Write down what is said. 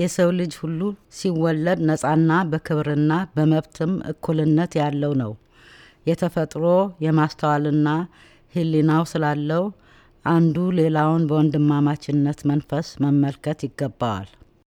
የሰው ልጅ ሁሉ ሲወለድ ነፃና በክብርና በመብትም እኩልነት ያለው ነው። የተፈጥሮ የማስተዋልና ሕሊናው ስላለው አንዱ ሌላውን በወንድማማችነት መንፈስ መመልከት ይገባዋል።